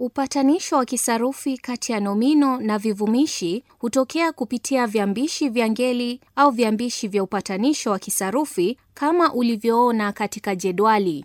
Upatanisho wa kisarufi kati ya nomino na vivumishi hutokea kupitia viambishi vya ngeli au viambishi vya upatanisho wa kisarufi kama ulivyoona katika jedwali.